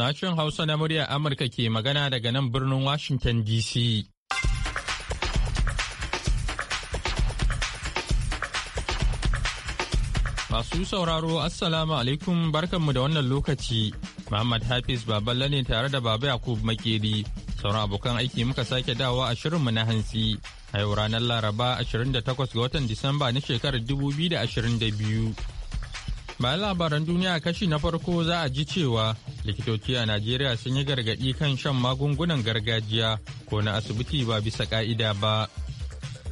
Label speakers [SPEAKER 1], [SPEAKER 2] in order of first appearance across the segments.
[SPEAKER 1] Sashen Hausa na muryar Amurka ke magana daga nan birnin Washington DC. Masu sauraro Assalamu alaikum barkanmu da wannan lokaci. Muhammad Hafiz Baballe ne tare da Baba Yakub Makeri. Sauran abokan aiki muka sake dawa a shirinmu na hantsi. A yau ranar Laraba 28 ga watan Disamba na shekarar 2022. Bayan labaran duniya kashi na farko za a ji cewa likitoci a Najeriya sun yi gargaɗi kan shan magungunan gargajiya ko na asibiti ba bisa ka'ida ba.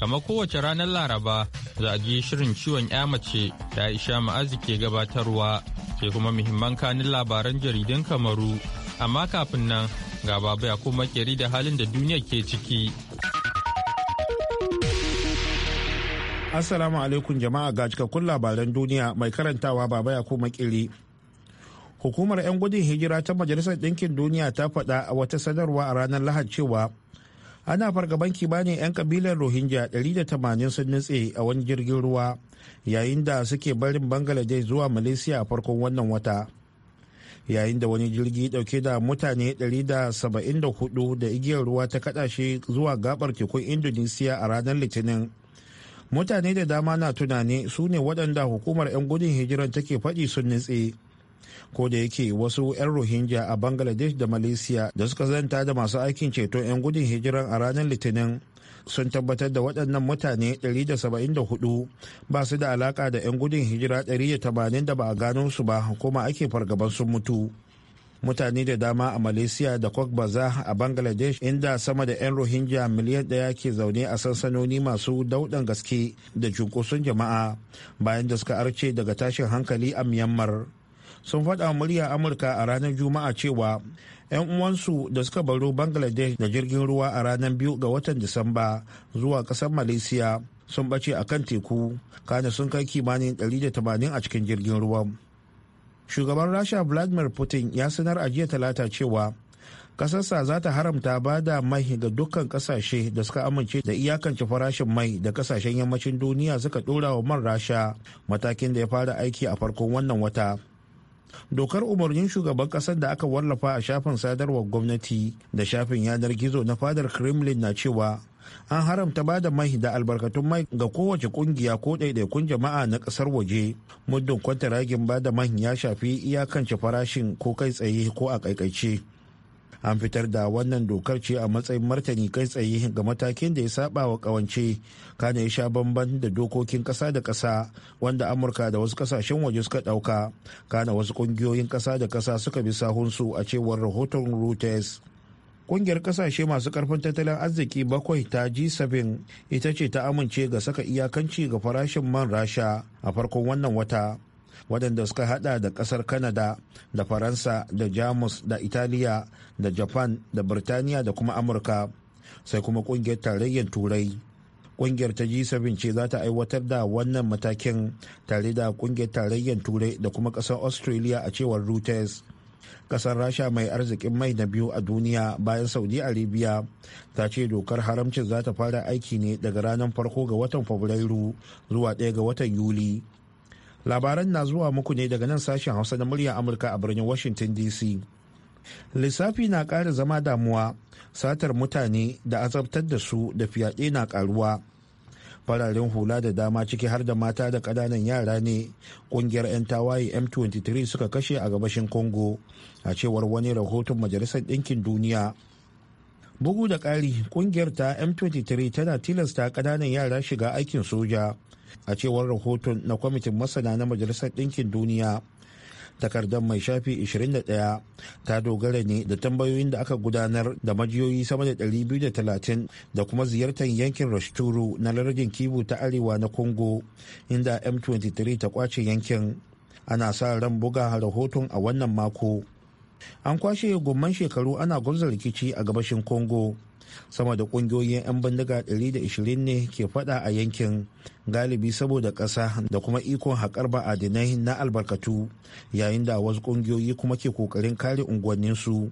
[SPEAKER 1] Kamar kowace ranar Laraba za a ji shirin ciwon ya mace da Aisha Ma'azi ke gabatarwa sai kuma muhimman kanin labaran jaridun Kamaru. Amma kafin nan ga babu ya kuma da halin da duniya ke ciki.
[SPEAKER 2] Assalamu alaikum jama'a ga cikakkun labaran duniya mai karantawa baba ya kuma kiri. Hukumar 'yan gudun hijira ta Majalisar Ɗinkin Duniya ta faɗa a wata sanarwa a ranar Lahad cewa ana fargaban kimanin 'yan kabilar Rohingya 180 sun nutse a wani jirgin ruwa yayin da suke barin Bangladesh zuwa Malaysia a farkon wannan wata. Yayin da wani jirgi dauke da mutane 174 da igiyar ruwa ta kada shi zuwa gabar tekun Indonesia a ranar Litinin. mutane da dama na tunani su ne waɗanda hukumar 'yan gudun hijiran take faɗi sun nutse ko da yake wasu 'yan rohingya a bangladesh da malaysia da suka zanta da masu aikin ceton 'yan gudun hijiran a ranar litinin sun tabbatar da waɗannan mutane 174 ba su da alaƙa da 'yan gudun hijira 180 da ba a gano su ba kuma ake fargaban sun mutu. mutane da dama a malaysia da cox a bangladesh inda sama da 'yan rohingya miliyan daya ke zaune a sansanoni masu daudan gaske da cunkoson jama'a bayan da suka arce daga tashin hankali a myanmar sun faɗa murya amurka a ranar juma'a cewa 'yan uwansu da suka baro bangladesh da jirgin ruwa a ranar biyu ga watan disamba zuwa ƙasar malaysia sun ɓace a kan teku kana sun kai kimanin 180 a cikin jirgin ruwan shugaban rasha vladimir putin ya sanar a jiya talata cewa kasarsa za ta haramta ba da mai ga dukkan kasashe da suka amince da iyakance farashin mai da kasashen yammacin duniya suka dora wa man rasha matakin da ya fara aiki a farkon wannan wata dokar umarnin shugaban kasar da aka wallafa a shafin sadarwar gwamnati da shafin yanar gizo na fadar kremlin na cewa an haramta ba da mai da albarkatun mai ga kowace kungiya ko ɗaiɗaikun jama'a na ƙasar waje muddin kwantaragin ba da mai ya shafi iyakance farashin ko kai tsaye ko a ƙaiƙaice an fitar da wannan dokar ce a matsayin martani kai tsaye ga matakin da ya saba wa kawance kana ya sha bamban da dokokin kasa da kasa wanda amurka da wasu kasashen waje suka ɗauka? kana wasu ƙungiyoyin kasa da kasa suka bi sahunsu a cewar rahoton reuters kungiyar kasashe masu karfin tattalin arziki bakwai ta g7 ita ce ta amince ga saka iyakanci ga farashin man rasha a farkon wannan wata waɗanda suka hada da ƙasar kanada da faransa da jamus da italiya da japan da birtaniya da kuma amurka sai kuma kungiyar tarayyar turai kungiyar ta g7 ce za ta aiwatar da wannan matakin tare da kungiyar tarayyar turai da kuma ƙasar australia a cewar reuters kasar rasha mai arzikin mai na biyu a duniya bayan saudi arabia ta ce dokar haramcin za ta fara aiki ne daga ranar farko ga watan fabrairu zuwa ɗaya ga watan yuli labaran na zuwa muku ne daga nan sashen hausa na murya amurka a birnin washington dc lissafi na ƙara zama damuwa satar mutane da azabtar da su da fyaɗe na ƙaruwa fararen hula da dama ciki har da mata da ƙananan yara ne ƙungiyar 'yan tawaye m23 suka kashe a gabashin congo a cewar wani rahoton majalisar ɗinkin duniya bugu da ƙari ƙungiyar ta m23 tana tilasta ƙananan yara shiga aikin soja a cewar rahoton na kwamitin masana na majalisar ɗinkin duniya takardar mai shafi 21 ta dogara ne da tambayoyin da aka gudanar da majiyoyi sama da 230 da kuma ziyartar yankin rashturu na lardin kibu ta arewa na congo inda m23 ta kwace yankin ana sa ran buga rahoton a wannan mako an kwashe gomman shekaru ana gwamza rikici a gabashin congo sama da kungiyoyin 'yan bindiga 120 ne ke fada a yankin galibi saboda ƙasa da kuma ikon haƙar ba'adinai na albarkatu yayin da wasu kungiyoyi kuma ke ƙoƙarin kare unguwanninsu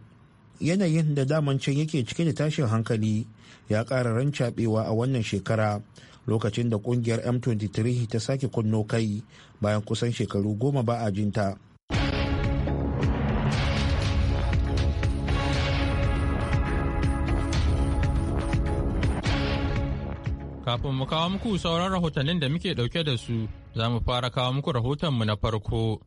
[SPEAKER 2] yanayin da daman can yake cike da tashin hankali ya ƙara rancaɓewa a wannan shekara lokacin da ƙungiyar m23 ta sake kunno kai bayan kusan shekaru goma ba a
[SPEAKER 1] jinta Kafin mu kawo muku sauran rahotannin da muke ɗauke da su, za mu fara kawo muku rahotonmu na farko.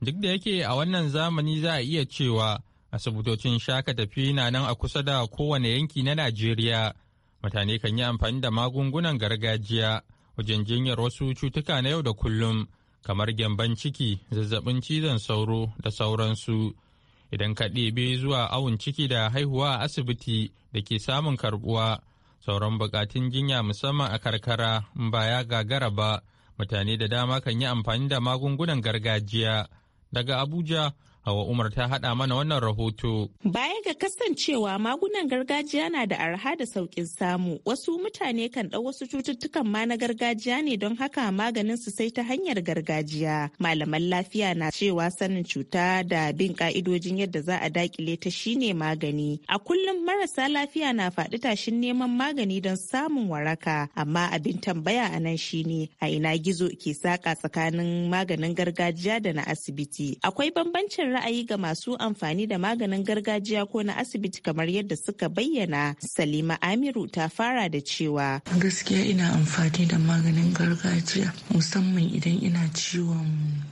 [SPEAKER 1] Duk da yake a wannan zamani za a iya cewa asibitocin shaka tafi na nan a kusa da kowane yanki na Najeriya, mutane kan yi amfani da magungunan gargajiya wajen jinyar wasu cutuka na yau da kullum, kamar gyamban ciki, zazzabin cizon sauro da sauransu. Idan ka ɗebe zuwa awon ciki da haihuwa a asibiti da ke samun karɓuwa. sauran bukatun jinya musamman a karkara ba ya gagara ba mutane da dama kan yi amfani da magungunan gargajiya daga abuja Hawa Umar ta haɗa mana wannan rahoto.
[SPEAKER 3] Baya ga kasancewa magunan gargajiya na da arha da sauƙin samu, wasu mutane kan ɗau wasu cututtukan ma na gargajiya ne don haka maganin su sai ta hanyar gargajiya. Malaman lafiya na cewa sanin cuta da bin ka'idojin yadda za a dakile ta shine magani. A kullum marasa lafiya na faɗi tashin neman magani don samun waraka, amma abin tambaya a nan shine a ina gizo ke saƙa tsakanin maganin gargajiya da na asibiti. Akwai bambancin ra'ayi ga masu amfani da maganin gargajiya ko na asibiti kamar yadda suka bayyana salima amiru ta fara da cewa
[SPEAKER 4] gaskiya ina amfani da maganin gargajiya musamman idan ina ciwon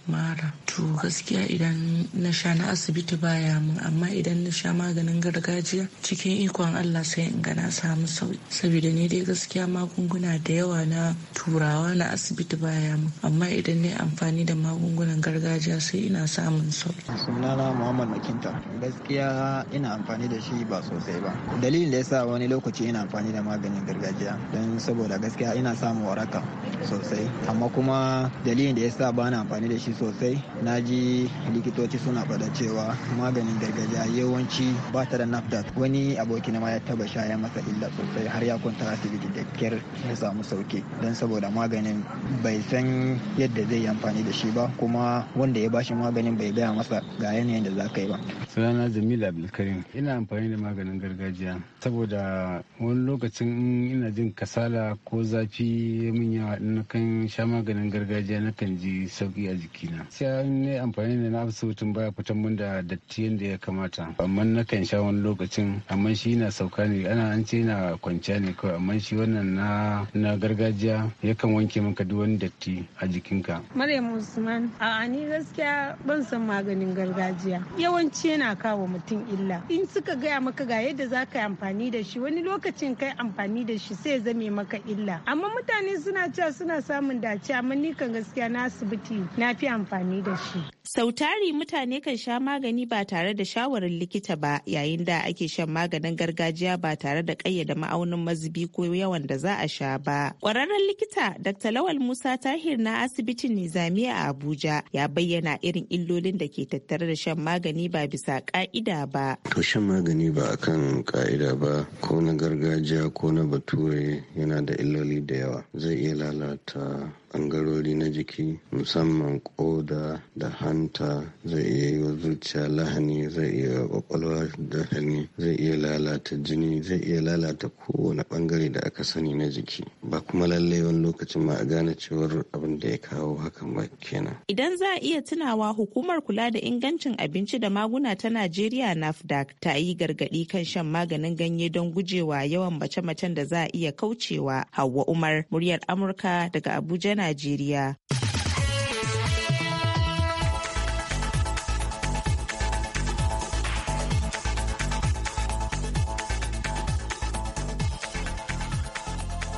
[SPEAKER 4] mara to gaskiya idan na sha na asibiti baya mun amma idan na sha maganin gargajiya cikin ikon allah sai in ga na samu sauki saboda ne dai gaskiya magunguna da yawa na turawa na asibiti baya mun amma idan na amfani da magungunan gargajiya sai ina
[SPEAKER 5] samun sauki sunana Muhammad Makinta. Gaskiya ina amfani da shi ba sosai ba. Dalilin da yasa wani lokaci ina amfani da maganin gargajiya don saboda gaskiya ina samun waraka sosai. Amma kuma dalilin da yasa ba na amfani da shi sosai na ji likitoci suna faɗa cewa maganin gargajiya yawanci ba ta da nafda wani aboki na ma ya taba sha ya masa illa sosai har ya kwanta asibiti da kyar ya samu sauki don saboda maganin bai san yadda zai yi amfani da shi ba kuma wanda ya bashi maganin bai gaya masa ga yanayin da za ka yi ba.
[SPEAKER 6] sunana jamilu abdulkarim
[SPEAKER 5] ina amfani da
[SPEAKER 6] maganin gargajiya saboda wani lokacin ina jin kasala ko zafi min yawa na kan sha maganin gargajiya na kan ji sauki a jikina sai ne amfani da na absolutin baya fitan mun da datti yadda ya kamata amma na kan sha wani lokacin amma shi na sauka ne ana an ce na kwanciya ne kawai amma shi wannan na na gargajiya yakan wanke maka duk wani datti a jikinka.
[SPEAKER 3] Maryam Usman a ni gaskiya ban san maganin gargajiya gargajiya yawanci yana kawo mutum illa in suka gaya maka ga yadda za ka yi amfani da shi wani lokacin kai amfani da shi sai zame maka illa amma mutane suna cewa suna samun dace amma ni kan gaskiya na asibiti na fi amfani da shi sautari mutane kan sha magani ba tare da shawarar likita ba yayin da ake shan maganin gargajiya ba tare da kayyada ma'aunin mazubi ko yawan da za a sha ba kwararren likita dr lawal musa tahir na asibitin nizami a abuja ya bayyana irin illolin da ke tattare tare da shan magani ba bisa ka'ida ba.
[SPEAKER 6] To shan magani ba a kan ka'ida ba ko na gargajiya ko na bature yana da illoli da yawa zai iya lalata ɓangarori na jiki musamman koda da hanta zai iya yi wa zuciya lahani zai iya kwakwalwa da hani zai iya lalata jini zai iya lalata kowane ɓangare da aka sani na jiki ba kuma lallai wani lokacin ma a gane cewar abin da ya kawo hakan ba kenan
[SPEAKER 3] idan za a iya tunawa hukumar kula da ingancin abinci da maguna ta najeriya nafdac ta yi gargadi kan shan maganin ganye don gujewa yawan mace-macen da za a iya kaucewa hawa umar muryar amurka daga abuja Najeriya.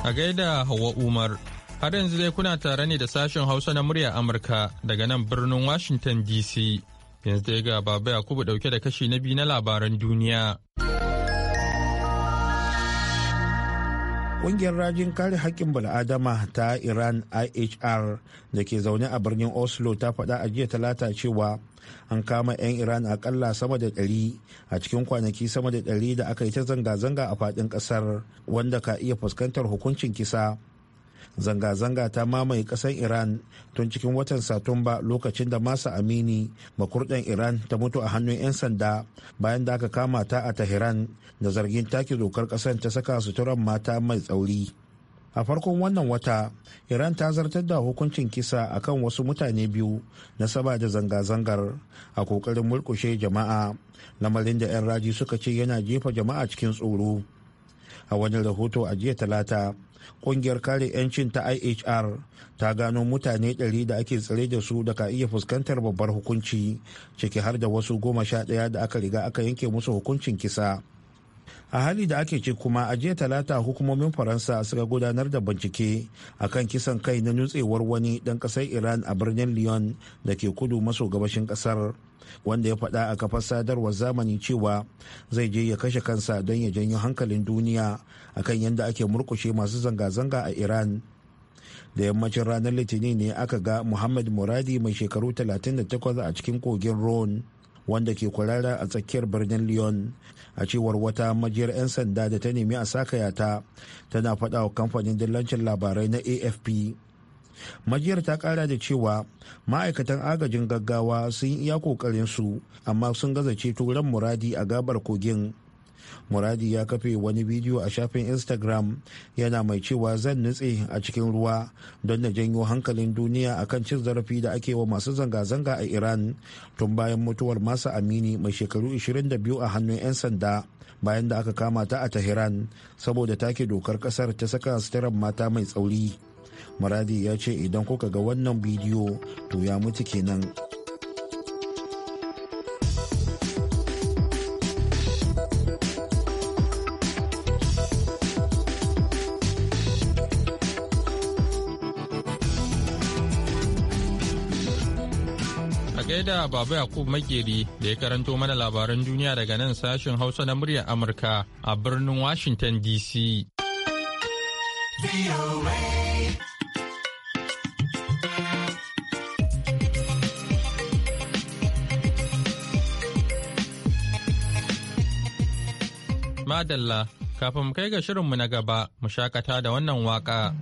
[SPEAKER 1] A gaida Hauwa Umar, har yanzu dai kuna tare ne da sashen Hausa na murya Amurka daga nan birnin Washington DC. Yanzu dai ga Baba Yakubu dauke da kashi na biyu na labaran duniya.
[SPEAKER 2] Ƙungiyar rajin kare haƙƙin bala'adama ta Iran IHR da ke zaune a birnin Oslo ta faɗa a jiya talata cewa an kama 'yan Iran akalla sama da ɗari a cikin kwanaki sama da ɗari da aka yi ta zanga-zanga a faɗin ƙasar wanda ka iya fuskantar hukuncin kisa. Zanga-zanga ta mamaye ƙasar Iran tun cikin watan Satumba lokacin da Masa Amini makurɗan Iran ta mutu a hannun 'yan sanda bayan da aka kama ta a Tehran da zargin take dokar kasar ta saka suturan mata mai tsauri a farkon wannan wata iran ta zartar da hukuncin kisa akan wasu mutane biyu na saba da zanga-zangar a kokarin mulkushe jama'a lamarin da 'yan raji suka ce yana jefa jama'a cikin tsoro a wani rahoto a jiya talata kungiyar kare 'yancin ta ihr ta gano mutane 100 da ake tsare da su da ka iya fuskantar babbar hukunci ciki har da wasu goma sha ɗaya da aka riga aka yanke musu hukuncin kisa a hali da ake ce kuma a jiya talata hukumomin faransa suka gudanar da bincike akan kisan kai na nutsewar wani dan kasar iran a birnin lyon da ke kudu maso gabashin kasar wanda ya faɗa a kafar sadarwar zamani cewa zai je ya kashe kansa don ya janyo hankalin duniya akan yadda ake murkushe masu zanga-zanga a iran da yammacin ranar litinin ne aka ga muhammad muradi mai shekaru 38 a cikin kogin rhone wanda ke kwarara a tsakiyar birnin lyon a cewar wata majiyar 'yan sanda da ta nemi a sakayata tana faɗa wa kamfanin dillancin labarai na afp majiyar ta kara da cewa ma'aikatan agajin gaggawa sun iya kokarin su amma sun gaza ceto ran muradi a gabar kogin muradi ya kafe wani bidiyo a shafin instagram yana mai cewa zan nutse a cikin ruwa don na janyo hankalin duniya akan cin zarafi da ake wa masu zanga-zanga a iran tun bayan mutuwar masa amini mai shekaru 22 a hannun 'yan sanda bayan da aka kama ta a tahiran saboda take dokar kasar ta saka suturar mata mai tsauri muradi ya ce idan kuka ga wannan bidiyo to ya mutu kenan.
[SPEAKER 1] da Baba Yakub Makeri da ya karanto mana labaran duniya daga nan sashen Hausa na muryar Amurka a birnin Washington DC. Madalla, kafin mu kai ga shirinmu na gaba, mu shakata da wannan waka.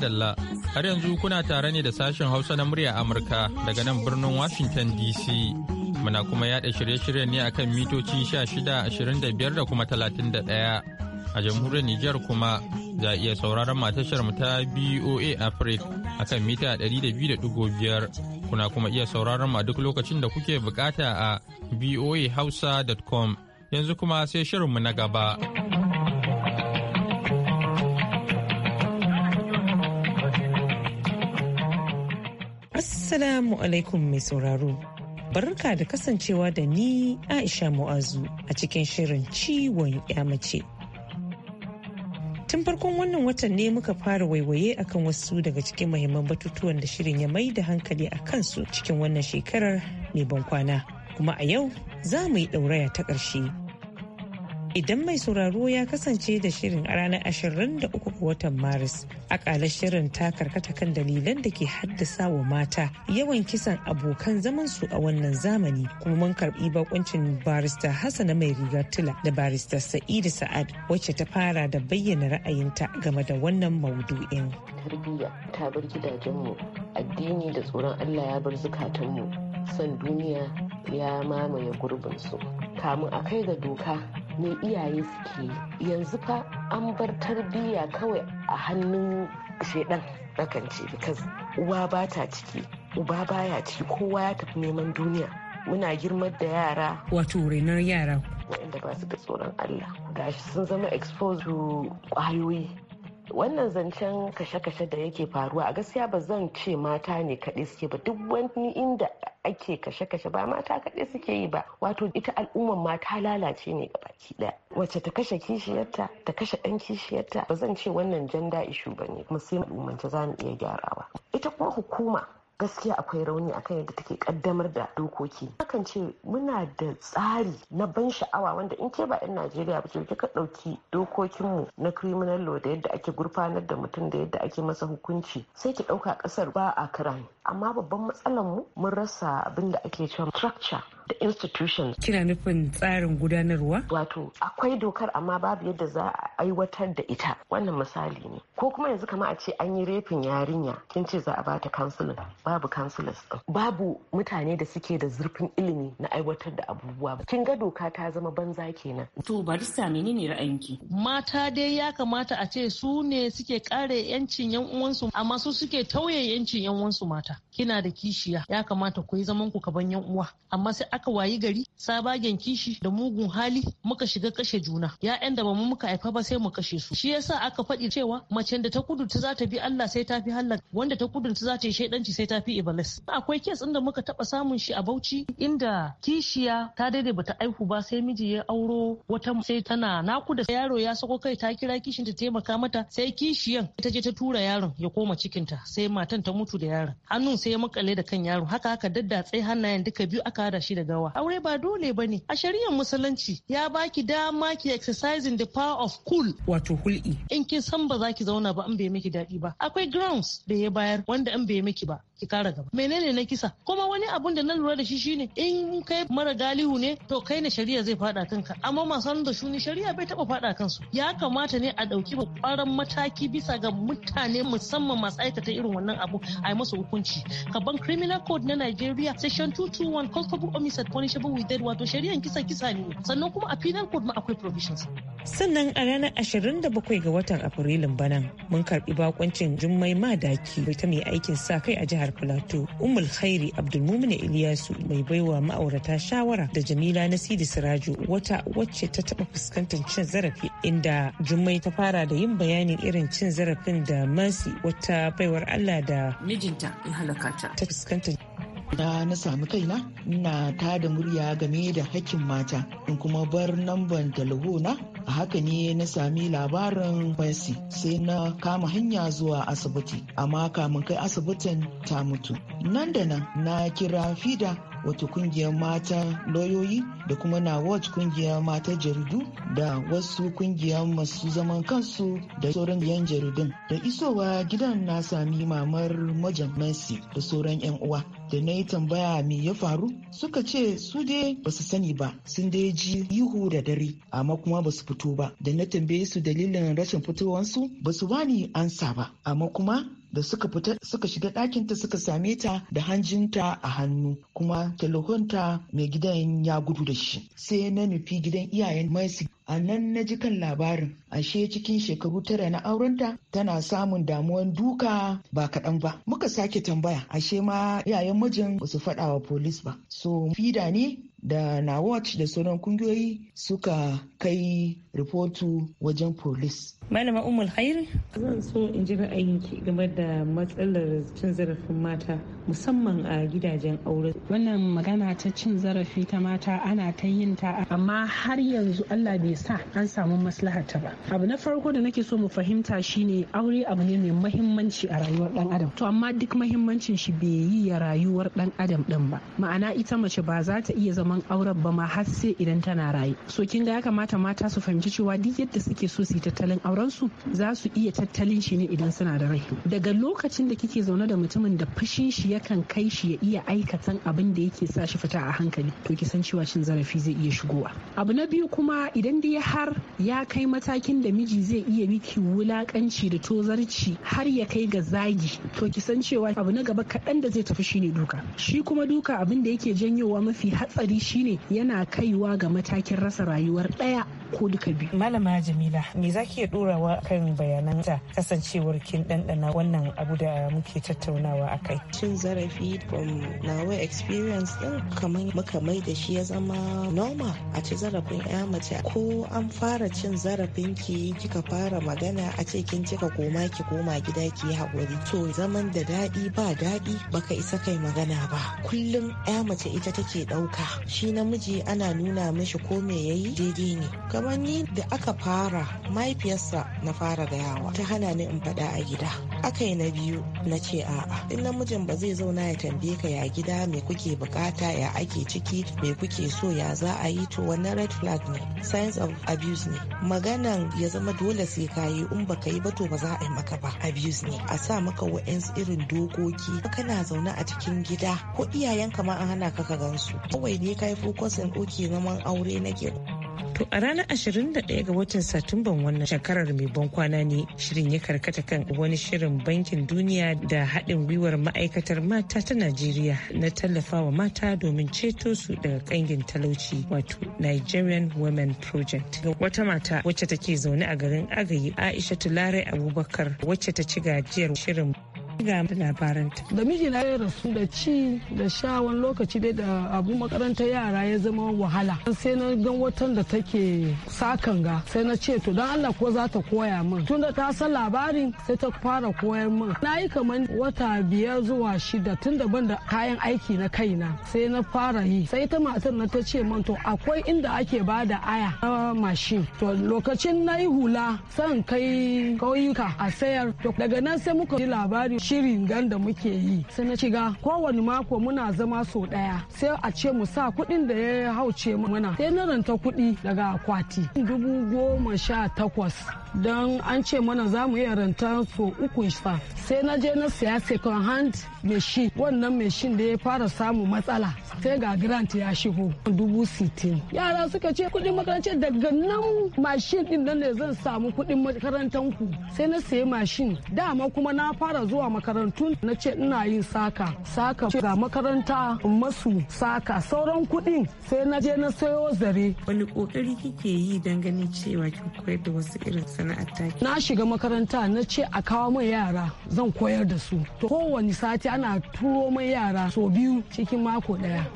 [SPEAKER 1] dalla har yanzu kuna tare ne da sashen hausa na murya amurka daga nan birnin washington dc muna kuma yada shirye shiryen ne akan mitoci 1625 da kuma 31 a jamhuriyar Nijar kuma za iya sauraron matashar mu ta boa africa akan mita 200.5 kuna kuma iya sauraron a duk lokacin da kuke bukata a boahausa.com yanzu kuma sai shirinmu na gaba.
[SPEAKER 7] Assalamu alaikum mai sauraro. Barka da kasancewa da ni Aisha Mu'azu a cikin shirin ciwon mace. Tun farkon wannan watan ne muka fara waiwaye akan wasu daga cikin mahimman batutuwan da shirin ya mai da hankali a kansu cikin wannan shekarar mai bankwana. Kuma a yau za mu yi ɗauraya ta ƙarshe. idan mai sauraro ya kasance da shirin a ranar 23 ga watan maris akalar shirin ta karkata kan dalilan da ke haddasa wa mata yawan kisan abokan zaman su a wannan zamani kuma mun karbi bakuncin barista hasana mai rigar tila da barista sa'idu sa'ad wacce ta fara da bayyana ra'ayinta game da wannan maudu'in
[SPEAKER 8] tarbiyya ta bar gidajenmu addini da tsoron allah ya bar zukatanmu son duniya ya mamaye gurbinsu kamun a kai ga doka ne iyaye suke yi yanzu fa an bar tarbiyya kawai a hannun shaidan rakan ce because uwa ba ta ciki uba baya ciki kowa ya tafi neman duniya muna girmar da yara wato renar yara waɗanda ba su da tsoron Allah gashi sun zama exposed to ƙwayoyi wannan zancen kashe-kashe da yake faruwa a gaskiya ba zan ce mata ne kaɗai suke ba duk wani inda ake kashe-kashe ba mata kaɗai suke yi ba wato ita al'ummar mata lalace ne ga baki ɗaya wacce ta kashe kishiyarta ta kashe ɗan kishiyarta ba zan ce wannan janda ishu ba ne kuma sai al'ummanta za mu iya gyarawa ita kuma hukuma gaskiya akwai rauni akan yadda take kaddamar da dokoki hakan ce muna da tsari na ban sha'awa wanda in ke ba yan najeriya ba ce ka ɗauki dokokinmu na criminal law da yadda ake gurfanar da mutum da yadda ake masa hukunci sai ki ɗauka kasar ba a crime amma babban matsalar mu mun rasa abin da ake cewa structure da institutions kina nufin tsarin gudanarwa wato akwai dokar amma babu yadda za a aiwatar da ita wannan misali ne ko kuma yanzu kama a ce an yi refin yarinya kin ce za a bata counseling babu counselors babu mutane da suke da zurfin ilimi na aiwatar da abubuwa kin ga doka ta zama banza kenan to barista menene ra'ayinki
[SPEAKER 9] mata dai ya kamata a ce su ne suke kare yancin yan uwansu amma su suke tauye yancin yan uwansu mata kina da kishiya ya kamata ku yi zaman ku kaban yan uwa amma sai aka wayi gari sabagen kishi da mugun hali muka shiga kashe juna ya'yan da bamu muka haifa ba sai mu kashe su shi yasa aka faɗi cewa macen da ta kudu ta za bi Allah sai ta fi halak wanda ta kudu ta za ta yi shaidanci sai ta fi iblis akwai kes da muka taba samun shi a Bauchi inda kishiya ta daidai bata aihu ba sai miji ya auro wata sai tana nakuda yaro ya sako kai ta kira kishin ta taimaka mata sai kishiyan ta je ta tura yaron ya koma cikinta sai matan ta mutu da yaron hannun sai ya makale da kan yaro haka haka daddatsa hannayen duka biyu aka hada shi da gawa aure ba dole ne. a shari'ar musulunci ya baki dama ki exercising the power of cool
[SPEAKER 5] wato hul'i
[SPEAKER 9] in kin san ba za ki zauna ba in bai miki daɗi ba akwai grounds da ya bayar wanda in bai miki ba ki kara gaba menene na kisa kuma wani abun da na lura da shi shine in kai mara galihu ne to kai na shari'a zai fada kanka amma masu da shuni shari'a bai taba fada kansu ya kamata ne a dauki babban mataki bisa ga mutane musamman masu aikata irin wannan abu a yi masa hukunci kaban criminal code na Nigeria section 221 culpable homicide punishable with death wato shari'an kisa kisa ne sannan kuma a penal code ma akwai provisions sannan a ranar
[SPEAKER 7] 27 ga watan afrilun bana mun karbi bakoncin jummai madaki ta mai aikin sa kai a jihar jihar Plateau, Ummul Khairi Abdulmumina Iliyasu mai baiwa ma'aurata shawara da Jamila Nasidi Siraju wata wacce ta taba fuskantar cin zarafi inda Jummai ta fara da yin bayanin irin cin zarafin da Mercy wata baiwar Allah da
[SPEAKER 10] mijinta
[SPEAKER 5] ya halaka ta. Ta fuskantar na na sami kaina ina ta da murya game da hakkin mata in kuma bar namban talho na a haka ne na sami labarin Fancy sai na kama hanya zuwa asibiti amma kamun kai asibitin ta mutu nan da nan na kira fida wato kungiyar mata lauyoyi da kuma na watch kungiyar mata jaridu da wasu kungiyar masu zaman kansu da sauran yan jaridun da isowa gidan na sami mamar majan mercy da sauran yan uwa da na yi tambaya me ya faru suka ce su dai ba su sani ba sun dai ji ihu da dare amma kuma ba su fito ba da na tambaye su dalilin rashin fitowansu ba su bani ansa ba amma kuma da suka fita suka shiga ɗakinta suka same ta da hanjinta a hannu kuma telehonta mai gidan ya gudu da shi sai na nufi gidan iyayen maisi a nan na ji kan labarin ashe cikin shekaru tara na aurenta tana samun damuwan duka ba kaɗan ba muka sake tambaya ashe ma iyayen mijin ba su faɗa wa polis ba so fida ne da na watch da sauran kungiyoyi suka kai rifotu wajen polis.
[SPEAKER 7] Malama Umul hairi. Zan so in ji ra'ayinki game da matsalar cin zarafin
[SPEAKER 4] mata musamman a gidajen aure. Wannan magana ta cin zarafi ta mata ana ta yin ta amma har yanzu Allah bai sa an samu maslahata ba abu na farko da nake so mu fahimta shine aure abu ne mai mahimmanci a rayuwar dan adam to amma duk mahimmancin shi bai yi ya rayuwar dan adam din ba ma'ana ita mace ba za ta iya zaman auren ba ma har sai idan tana raye so kin ga ya kamata mata su fahimci cewa duk yadda suke so su yi tattalin auren su za su iya tattalin shi ne idan suna da rai daga lokacin da kike zaune da mutumin da fushin shi yakan kai shi ya iya aikatan abin da yake sa shi fita a hankali to ki san cewa shin zarafi zai iya shigowa abu na biyu kuma idan dai har ya kai matakin da miji zai iya miki wulakanci da tozarci har ya kai ga zagi to ki san cewa abu na gaba kaɗan da zai tafi shine duka shi kuma duka abin da yake janyowa mafi hatsari shine yana kaiwa ga matakin rasa rayuwar ɗaya ko duka biyu. Malama Jamila, me za ki iya
[SPEAKER 7] ɗorawa kan bayananta kasancewar kin ɗanɗana wannan abu da muke tattaunawa a
[SPEAKER 3] kai? Cin zarafi from nawa experience ɗin kamar muka mai da shi ya zama normal a ci zarafin ya mace ko an fara cin zarafin ki kika fara magana a ce kin kika koma ki koma gida ki yi haƙuri. To zaman da daɗi ba daɗi baka isa kai magana ba. Kullum ya mace ita take ɗauka. Shi namiji ana nuna mishi ko me yayi daidai ne. kamar da aka fara mahaifiyarsa na fara gayawa ta hana ni in faɗa a gida aka yi na biyu na ce a'a in namijin ba zai zauna ya tambaye ka ya gida me kuke bukata ya ake ciki me kuke so ya za a yi to wannan red flag ne signs of abuse ne maganan ya zama dole sai ka yi in baka yi ba to ba za a yi maka ba abuse ne a sa maka wa'ensu irin dokoki kana zaune a cikin gida ko iyayenka ma an hana ka ka gansu kawai ne ka yi fokusin ko zaman aure na nake
[SPEAKER 7] To a ranar 21 ga watan Satumban wannan shekarar mai ban kwana ne shirin ya karkata kan wani shirin bankin duniya da haɗin gwiwar ma'aikatar mata ta Najeriya na tallafawa mata domin ceto su daga kangin talauci wato Nigerian Women Project. wata mata wacce take zaune a garin Agayi Aisha Tulare Abubakar wacce ta ci gajiyar shirin
[SPEAKER 10] Ga ta. Da mijina ya rasu da ci da sha lokaci dai da abu makaranta yara ya zama wahala. Sai na gan watan da take sakan ga sai na ce to don Allah ko za ta koya min. Tun da ta san labarin sai ta fara koyar min. Na yi kamar wata biyar zuwa shida tun da ban da kayan aiki na kaina sai na fara yi. Sai ta matar na ta ce man to akwai inda ake ba da aya na mashin. To lokacin na yi hula san kai kauyuka a sayar. Daga nan sai muka ji labarin. shirin gan da muke yi sai na shiga kowane mako muna zama sau daya sai a ce mu sa kuɗin da ya hauce mana sai na ranta kuɗi daga akwati dubu goma sha takwas don an ce mana za mu iya ranta so uku sa sai na je na siya second hand machine wannan machine da ya fara samu matsala sai ga grant ya shigo dubu sitin yara suka ce kuɗin makarantar daga nan mashin din nan ne zan samu kuɗin makarantar ku sai na siya mashin dama kuma na fara zuwa makarantu na ce ina yin saka saka ga makaranta masu saka sauran kuɗi sai na je na sayo
[SPEAKER 7] zare wani kokari kike yi don ganin cewa ki koyar da wasu irin sana'ar
[SPEAKER 10] taki na shiga makaranta na ce a kawo mai yara zan koyar da su to kowane sati ana turo mai yara so biyu cikin mako daya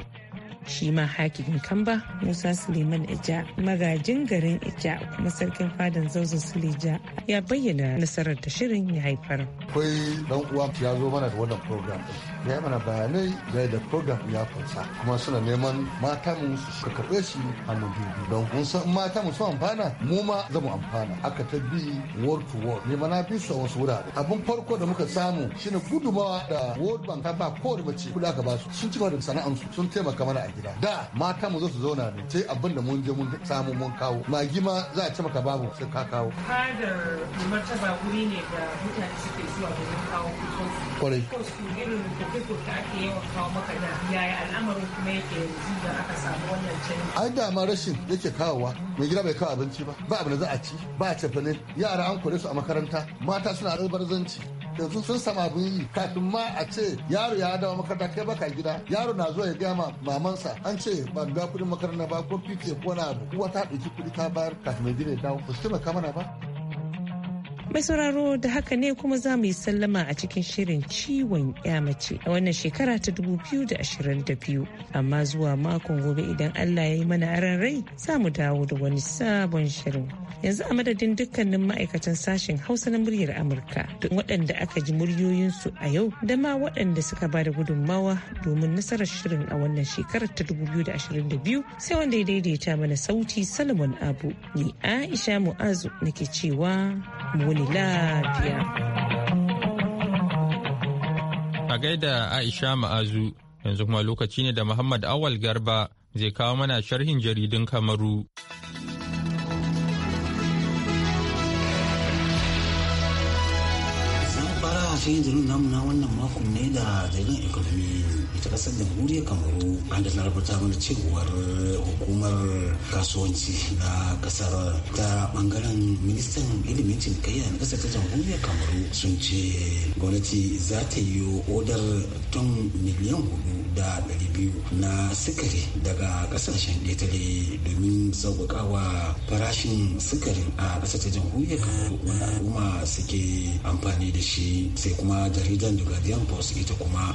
[SPEAKER 7] shi ma hakimin kamba musa suleiman ija magajin garin ija kuma sarkin fadan zauzu sulija ya bayyana nasarar da shirin ya haifar
[SPEAKER 9] akwai dan uwa ya zo mana da wannan program ya mana bayanai game da program ya kunsa kuma suna neman mata mu su karɓe shi hannu biyu don kun san mata mu su amfana mu ma mu amfana aka ta bi word to word ne mana bi su a wasu wurare abin farko da muka samu shine gudumawa da world bank ta ba kowace mace kuɗi aka ba su sun ci da sana'ansu sun taimaka mana a gida da mata mu zo su zauna ne sai abin da mun je mun samu mun kawo magi ma za a ci maka babu sai ka kawo
[SPEAKER 4] fadar martaba guri ne da mutane suke zuwa domin kawo ko kwarai duk
[SPEAKER 9] ai da ma rashin yake kawowa mai gida bai kawo abinci ba ba abin da za a ci ba a cefane yara an kore su a makaranta mata suna albarzanci yanzu sun samu abin yi kafin ma a ce yaro ya dawo makaranta kai baka gida yaro na zuwa ya gaya ma mamansa an ce ba biya kuɗin makaranta ba ko pk ko na abu uwa ta ɗauki kudi ta bayar kafin mai gida ya dawo ba su taimaka mana ba
[SPEAKER 7] Mai sauraro da haka ne kuma za mu yi sallama a cikin shirin ciwon mace a wannan shekara ta 2022. Amma zuwa makon gobe idan Allah ya yi mana aran rai za mu dawo da wani sabon shirin. Yanzu a madadin dukkanin ma'aikatan sashen Hausa na muryar Amurka da waɗanda aka ji muryoyinsu a yau da ma waɗanda suka ba da gudunmawa domin nasarar shirin a wannan shekarar ta 2022 sai wanda ya daidaita mana sauti Salomon Abu. ne Aisha Mu'azu nake cewa mu
[SPEAKER 1] A gaida Aisha Ma'azu yanzu kuma lokaci ne da Muhammad Awal Garba zai kawo mana sharhin jaridun Kamaru.
[SPEAKER 6] Zan fara shirin jaridun namu na wannan makon ne da jirgin ikonomi ta kasar jamhuriyar kamaru an da na rubuta mana cewar hukumar kasuwanci na kasar ta bangaren ministan ilimin cinikayya na kasar ta jamhuriyar kamaru sun ce gwamnati za ta yi odar ton miliyan hudu da ɗari biyu na sikari daga kasashen ƙetare domin sauƙaƙawa farashin sikari a ƙasar ta jamhuriyar kamaru wanda al'umma suke amfani da shi sai kuma jaridar the guardian post ita kuma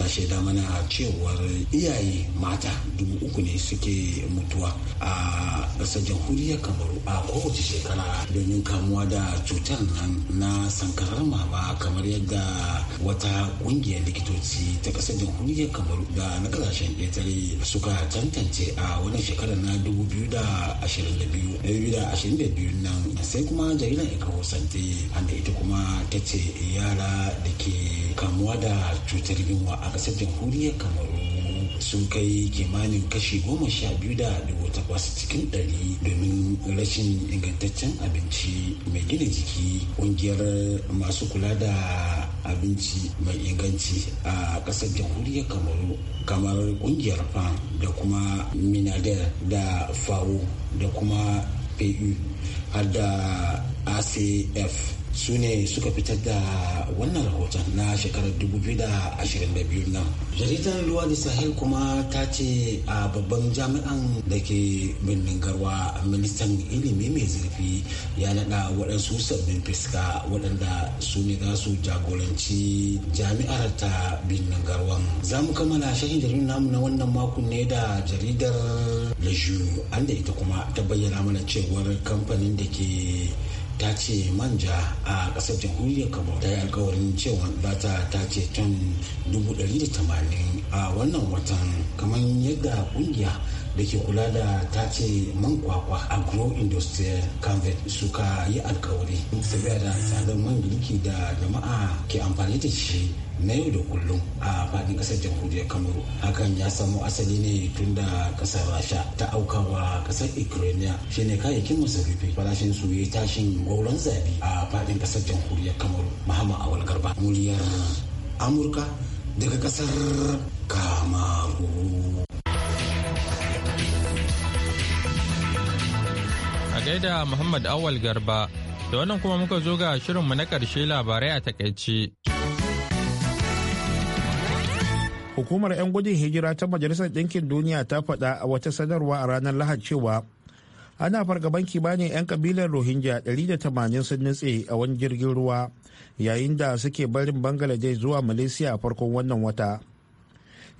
[SPEAKER 6] ta shaida mana cewar iyaye mata dubu uku ne suke mutuwa a ƙasar jamhuriyar kamaru a kowace shekara domin kamuwa da cutar nan na sankarar ba kamar yadda wata kungiyar likitoci ta kasar jamhuriyar kamaru da na kasashen ƙetare suka tantance a wannan shekarar na 2022 nan sai kuma jaridar ikawo sante da ita kuma ta ce yara da ke kamuwa da cutar yunwa a kasar jamhuriyar kamaru sun kai kimanin kashi goma sha biyu da dubu takwas cikin ɗari domin rashin ingantaccen abinci mai gina jiki ƙungiyar masu kula da abinci mai inganci a ƙasar jamhuriyar kamaru kamar ƙungiyar fan da kuma minader da fao da kuma pu har da acf su ne suka fitar da wannan rahoton na shekarar 2022 nan jaridar ruwa da sahil kuma ta ce a babban jami'an da ke birnin garwa ministan ilimi mai zurfi ya nada waɗansu sabbin fiska waɗanda su ne za su jagoranci jami'ar ta birnin garwa za mu kammala shahin jaridar namu na wannan makon ne da jaridar lejou an da ita kuma ta bayyana mana cewar kamfanin da ke ta ce manja a ƙasar jamhuriyar kabo ta yi alkawarin cewa za ta ce ton 180 a wannan watan kamar yadda ƙungiya da ke kula da ta ce man kwakwa agro industrial convent suka yi alkawari saboda tsadar man girki da jama'a ke amfani da shi na yau da kullum a faɗin ƙasar jamhuriyar kamaru hakan ya samo asali ne tun da ƙasar rasha ta auka wa ƙasar ukraine shi shine kayayyakin masarufi farashin su ya tashin gwauron zabi a faɗin ƙasar jamhuriyar kamaru muhammad awal garba muryar amurka daga ƙasar kamaru
[SPEAKER 1] gaida Muhammad Awal Garba, da wannan kuma muka zo ga shirin mu na ƙarshe labarai a takaice.
[SPEAKER 2] Hukumar 'yan gudun hijira ta Majalisar Ɗinkin Duniya ta faɗa a wata sanarwa a ranar Lahad cewa ana fargaban kimanin 'yan kabilar rohingya 180 sun nutse a wani jirgin ruwa yayin da suke barin bangaladesh zuwa malaysia a farkon wannan wata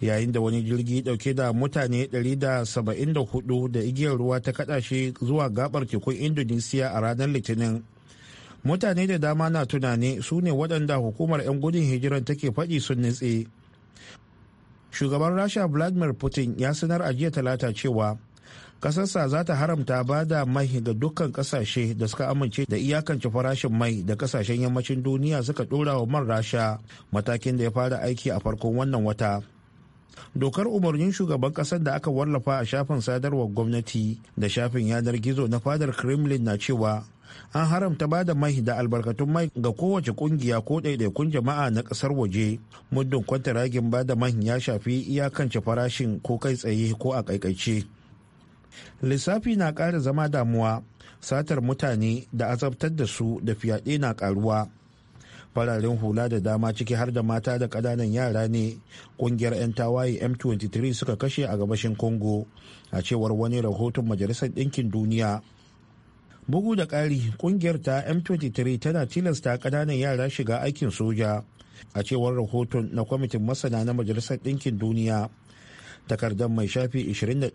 [SPEAKER 2] yayin da wani jirgi dauke da mutane 174 da igiyar ruwa ta kada shi zuwa gabar tekun indonesia a ranar litinin mutane da dama na tunani su ne waɗanda hukumar 'yan gudun hijiran take faɗi sun nutse shugaban rasha vladimir putin ya sanar a jiya talata cewa kasarsa za ta haramta ba da mai ga dukkan kasashe da suka amince da iyakance farashin mai da kasashen yammacin duniya suka dora wa man rasha matakin da ya fara aiki a farkon wannan wata dokar umarnin shugaban kasar da aka wallafa a shafin sadarwar gwamnati da shafin yanar gizo na fadar kremlin na cewa an haramta ba da mai da albarkatun mai ga kowace kungiya ko ɗaiɗaikun jama'a na ƙasar waje muddin kwantaragin ba da mai ya shafi iyakance farashin ko kai tsaye ko a kaikaice lissafi na ƙara zama damuwa satar mutane da azabtar da su da fyaɗe na ƙaruwa fararen hula da dama ciki har da mata da ƙananan yara ne ƙungiyar 'yan tawaye m23 suka kashe a gabashin congo a cewar wani rahoton majalisar ɗinkin duniya bugu da ƙari ƙungiyar ta m23 tana tilasta ƙananan yara shiga aikin soja a cewar rahoton na kwamitin masana na majalisar ɗinkin duniya takardar mai shafi 21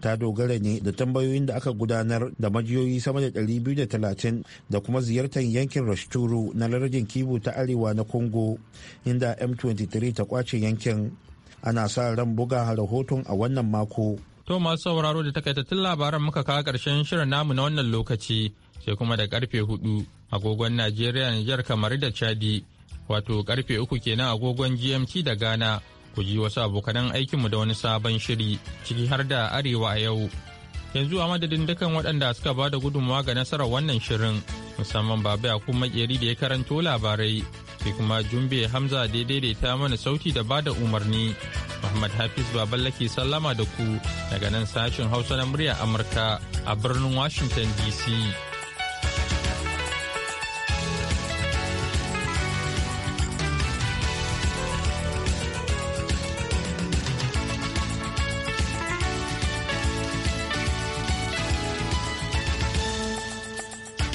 [SPEAKER 2] ta dogara ne da tambayoyin da aka gudanar da majiyoyi sama da 230 da kuma ziyartar yankin rashturu na larajin kibu ta arewa na congo inda m23 ta kwace yankin ana sa ran buga rahoton a wannan mako
[SPEAKER 1] to masu sauraro da takaitattun labaran muka kawo karshen shirin namu na wannan lokaci sai kuma da karfe hudu agogon najeriya nijar kamar da chadi wato karfe uku kenan agogon gmt da ghana ku ji wasu abokanan aikinmu da wani sabon shiri ciki har da arewa a yau. Yanzu a madadin dukan waɗanda suka ba da gudunmawa ga nasarar wannan shirin musamman babu ya kuma makeri da ya karanto labarai sai kuma jumbe hamza daidai da ta mana sauti da ba da umarni muhammad hafiz baballake sallama da ku daga nan sashen hausa na murya amurka a birnin washington dc